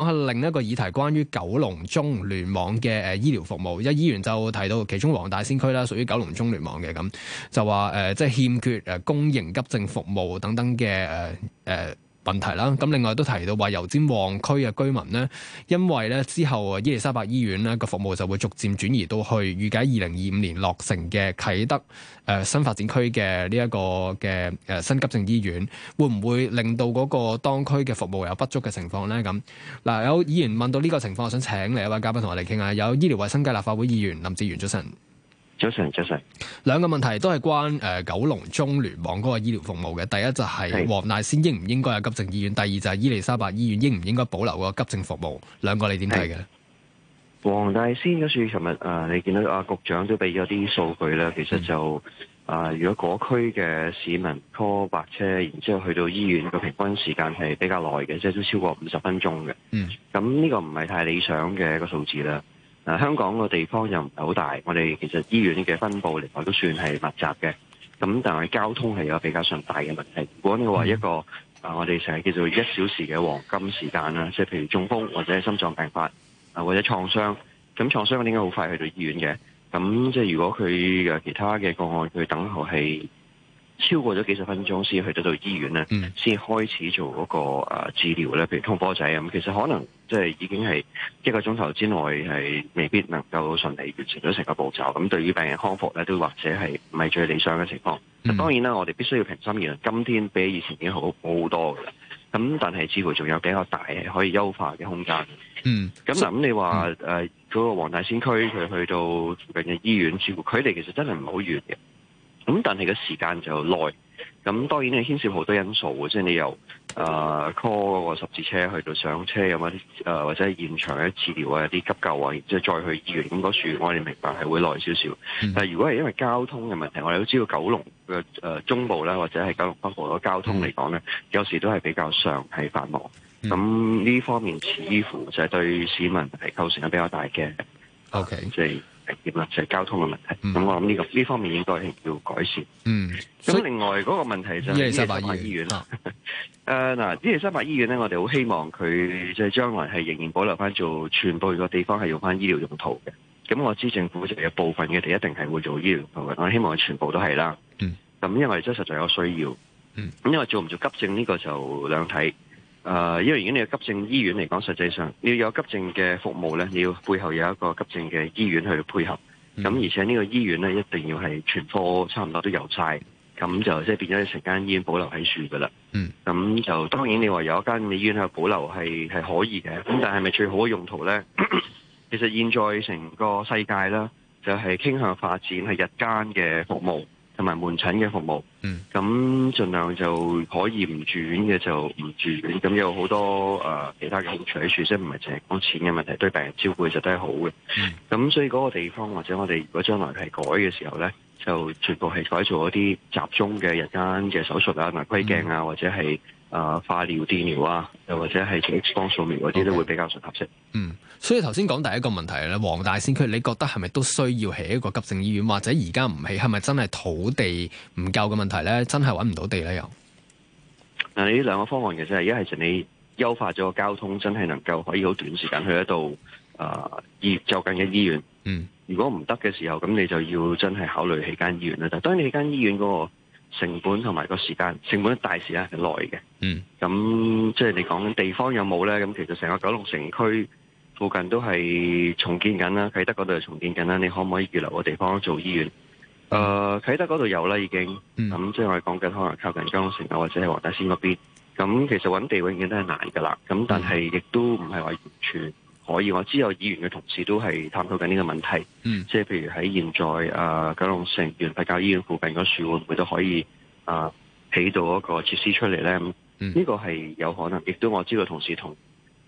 講下另一個議題，關於九龍中聯網嘅誒醫療服務，因為議員就提到其中黃大仙區啦，屬於九龍中聯網嘅，咁就話誒即係欠缺誒公營急症服務等等嘅問題啦，咁另外都提到話油尖旺區嘅居民呢，因為呢之後啊，伊利沙伯醫院呢個服務就會逐漸轉移到去，預計二零二五年落成嘅啟德誒新發展區嘅呢一個嘅誒新急症醫院，會唔會令到嗰個當區嘅服務有不足嘅情況呢？咁嗱，有議員問到呢個情況，我想請嚟一位嘉賓同我哋傾下，有醫療衛生界立法會議員林哲玄，早晨。早晨早晨，兩個問題都係關誒九龍中聯網嗰個醫療服務嘅。第一就係黃大仙應唔應該有急症醫院，第二就係伊利沙伯醫院應唔應該保留個急症服務。兩個你點睇嘅？黃大仙嗰處，琴日啊，你見到啊，局長都俾咗啲數據啦。其實就啊、嗯，如果嗰區嘅市民 call 白車，然之後去到醫院個平均時間係比較耐嘅，即係都超過五十分鐘嘅。嗯，咁呢個唔係太理想嘅一個數字啦。啊、香港個地方又唔係好大，我哋其實醫院嘅分布另外都算係密集嘅，咁但係交通係有比較上大嘅問題。如果你話一個啊，我哋成日叫做一小時嘅黃金時間啦，即係譬如中風或者心臟病發，啊或者創傷，咁創傷我哋應該好快去到醫院嘅。咁即係如果佢有其他嘅個案，佢等候係，超過咗幾十分鐘先去得到醫院咧，先、嗯、開始做嗰、那個、呃、治療咧，譬如通波仔咁、嗯。其實可能即係、就是、已經係一個鐘頭之內係未必能夠順利完成咗成個步驟。咁對於病人康復咧，都或者係唔係最理想嘅情況、嗯。當然啦，我哋必須要平心而論，今天比以前已經好好多㗎啦。咁但係似乎仲有比較大嘅可以優化嘅空間。嗯。咁嗱，咁、嗯、你話誒嗰個黃大仙區，佢去到附近嘅醫院似乎距離其實真係唔係好遠嘅。咁但係個時間就耐，咁當然係牽涉好多因素，即係你由啊、呃、call 嗰個十字車去到上車咁啊啲，誒、呃、或者係現場嘅治療啊啲急救啊，然之後再去醫院咁嗰陣，我哋明白係會耐少少。但係如果係因為交通嘅問題，我哋都知道九龍嘅誒中部咧，或者係九龍北部嘅交通嚟講咧、嗯，有時都係比較上係繁忙。咁呢、嗯、方面似乎就係對市民係構成嘅比較大嘅。O K，即係。啦，就係、是、交通嘅問題。咁、嗯、我諗呢個呢方面應該係要改善。嗯，咁另外嗰、那個問題就係、是，即係聖母醫院啦。誒、啊，嗱、 呃，啲聖母醫院咧，我哋好希望佢即係將來係仍然保留翻做全部個地方係用翻醫療用途嘅。咁我知政府就有部分嘅地方一定係會做醫療用途，我希望佢全部都係啦。嗯。咁因為真係實在有需要。嗯。咁因為做唔做急症呢個就兩睇。誒、呃，因為如果你有急症醫院嚟講，實際上你要有急症嘅服務咧，你要背後有一個急症嘅醫院去配合。咁、嗯、而且呢個醫院咧，一定要係全科差唔多都有晒。咁就即係變咗，成間醫院保留喺樹噶啦。嗯。咁就當然你話有一間醫院係保留係係可以嘅，咁但係咪最好嘅用途咧？ 其實現在成個世界呢，就係傾向發展係日間嘅服務。同埋門診嘅服務，咁儘量就可以唔住院嘅就唔住院，咁有好多誒、呃、其他嘅好處喺度，即唔係凈係講錢嘅問題，對病人照顧就都係好嘅。咁、嗯、所以嗰個地方或者我哋如果將來係改嘅時候咧，就全部係改做一啲集中嘅日間嘅手術啊、內窺鏡啊，嗯、或者係。尿尿啊，化療、電療啊，又或者係做 X 光掃描嗰啲，都會比較適合啲。Okay. 嗯，所以頭先講第一個問題咧，黃大仙區，你覺得係咪都需要起一個急症醫院，或者而家唔起，係咪真係土地唔夠嘅問題咧？真係揾唔到地咧又？嗱，呢兩個方案其實係一係就你優化咗個交通，真係能夠可以好短時間去到啊呃，就近嘅醫院。嗯，如果唔得嘅時候，咁你就要真係考慮起間醫院啦。但當然，起間醫院嗰個。成本同埋個時間，成本大，時間係耐嘅。嗯，咁即係你講緊地方有冇咧？咁其實成個九龍城區附近都係重建緊啦，啟德嗰度係重建緊啦。你可唔可以預留個地方做醫院？誒、呃，啟德嗰度有啦，已經。咁即係我哋講緊可能靠近九龍城啊，或者係黃大仙嗰邊。咁其實揾地永遠都係難噶啦。咁但係亦都唔係話完全。可以，我知有議員嘅同事都係探討緊呢個問題，即、嗯、係譬如喺現在啊、呃、九龍城原佛教醫院附近嗰樹，會唔會都可以啊、呃、起到一個設施出嚟咧？呢、嗯這個係有可能，亦都我知道同事同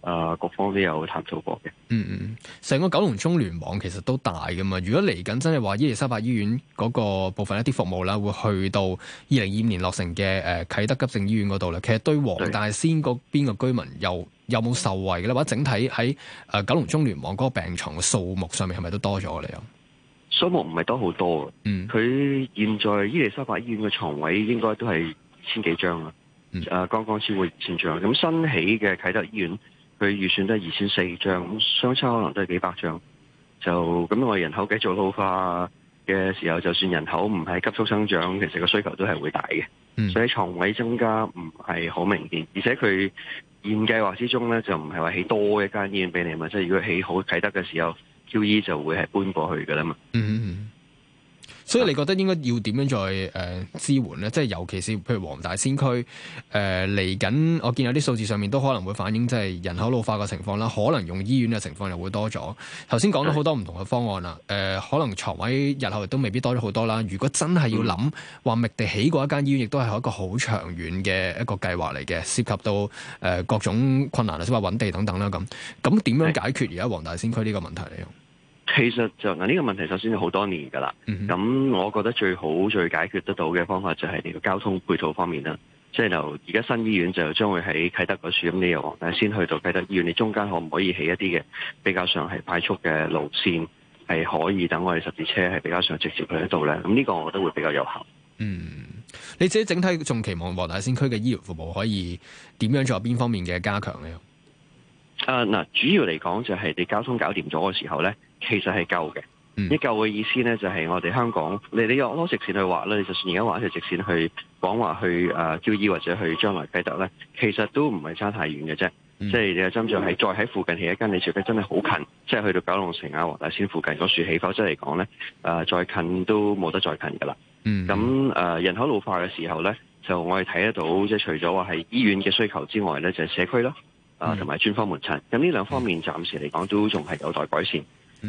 啊各方都有探討過嘅。嗯嗯，成個九龍中聯網其實都大噶嘛。如果嚟緊真係話伊利沙伯醫院嗰個部分一啲服務啦，會去到二零二五年落成嘅誒、呃、啟德急症醫院嗰度咧，其實對黃大仙先個邊個居民又？有冇受惠咧？或者整體喺誒九龍中聯網嗰個病床嘅數目上面係咪都多咗咧？有數目唔係多好多，嗯，佢現在伊利沙伯醫院嘅床位應該都係千幾張啦，誒，剛剛超過二千張。咁、嗯、新起嘅啟德醫院，佢預算都係二千四張，相差可能都係幾百張。就咁我哋人口繼續老化嘅時候，就算人口唔係急速增長，其實個需求都係會大嘅、嗯，所以床位增加唔係好明顯，而且佢。現計劃之中咧，就唔係話起多一間醫院俾你嘛。即係如果起好睇得嘅時候，Q.E. 就會係搬過去㗎啦嘛。嗯嗯。所以你覺得應該要點樣再誒、呃、支援呢？即係尤其是譬如黃大仙區誒嚟緊，呃、我見有啲數字上面都可能會反映即係人口老化嘅情況啦，可能用醫院嘅情況又會多咗。頭先講咗好多唔同嘅方案啦，誒、呃、可能床位日後亦都未必多咗好多啦。如果真係要諗話覓地起過一間醫院，亦都係一個好長遠嘅一個計劃嚟嘅，涉及到誒、呃、各種困難啊，即話揾地等等啦。咁咁點樣解決而家黃大仙區呢個問題嚟？其實就嗱，呢、這個問題首先好多年噶啦。咁我覺得最好最解決得到嘅方法就係你個交通配套方面啦。即係就而家新醫院就將會喺啟德嗰處，咁你由黃大仙去到啟德醫院，你中間可唔可以起一啲嘅比較上係快速嘅路線，係可以等我哋十字車係比較上直接去得到呢？咁呢個我覺得會比較有效。嗯，你自己整體仲期望黃大仙區嘅醫療服務可以點樣做？有邊方面嘅加強呢？啊嗱，主要嚟講就係你交通搞掂咗嘅時候咧，其實係夠嘅。一、mm -hmm. 夠嘅意思咧，就係、是、我哋香港，你你有多直線去話咧，你就算而家話一條直線去講話去啊招、uh, 醫或者去將來啟德咧，其實都唔係差太遠嘅啫。即係你嘅真相係再喺附近起一間你除非真係好近，即、就、係、是、去到九龍城啊黃大仙附近嗰處起樓，真係講咧，啊再近都冇得再近噶啦。咁、mm、啊 -hmm. 呃、人口老化嘅時候咧，就我哋睇得到，即係除咗話係醫院嘅需求之外咧，就係、是、社區咯。啊、嗯，同埋專科門診，咁呢兩方面，暫時嚟講都仲係有待改善。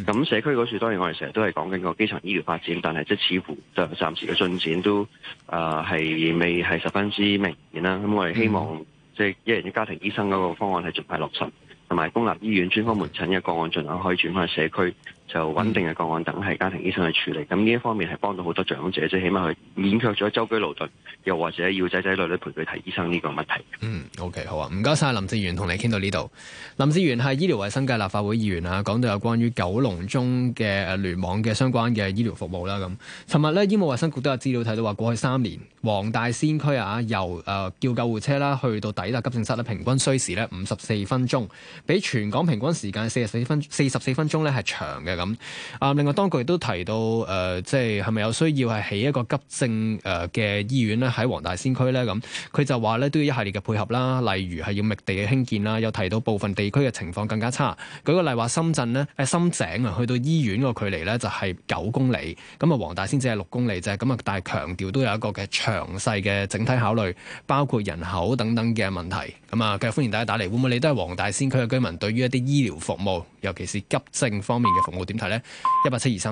咁社區嗰處當然我哋成日都係講緊個基層醫療發展，但係即係似乎就暫時嘅進展都啊、係、呃、未係十分之明顯啦。咁我哋希望即係、嗯就是、一人一家庭醫生嗰個方案係盡快落實，同埋公立醫院專科門診嘅個案儘量可以轉翻去社區，就穩定嘅個案等係家庭醫生去處理，咁呢一方面係幫到好多長者，即起碼佢勉卻咗舟車勞頓，又或者要仔仔女女陪佢睇醫生呢個問題。嗯，OK，好啊，唔該晒。林哲玄同你傾到呢度。林哲玄係醫療衛生界立法會議員啊，講到有關於九龍中嘅聯網嘅相關嘅醫療服務啦。咁，尋日呢，醫務衛生局都有資料睇到話，過去三年黃大仙區啊，由誒、呃、叫救護車啦、啊，去到抵達急症室咧，平均需時咧五十四分鐘，比全港平均時間四十四分四十四分鐘咧係長嘅。咁啊，另外當局亦都提到，誒、呃，即係係咪有需要係起一個急症誒嘅醫院咧？喺黃大仙區咧，咁佢就話咧都要一系列嘅配合啦，例如係要覓地嘅興建啦。又提到部分地區嘅情況更加差，舉個例話深圳咧，誒、啊，深井啊，去到醫院個距離咧就係九公里，咁啊，黃大仙只係六公里啫。咁啊，但係強調都有一個嘅詳細嘅整體考慮，包括人口等等嘅問題。咁啊，繼續歡迎大家打嚟，會唔會你都係黃大仙區嘅居民？對於一啲醫療服務。尤其是急症方面嘅服務，點睇咧？一百七二三一。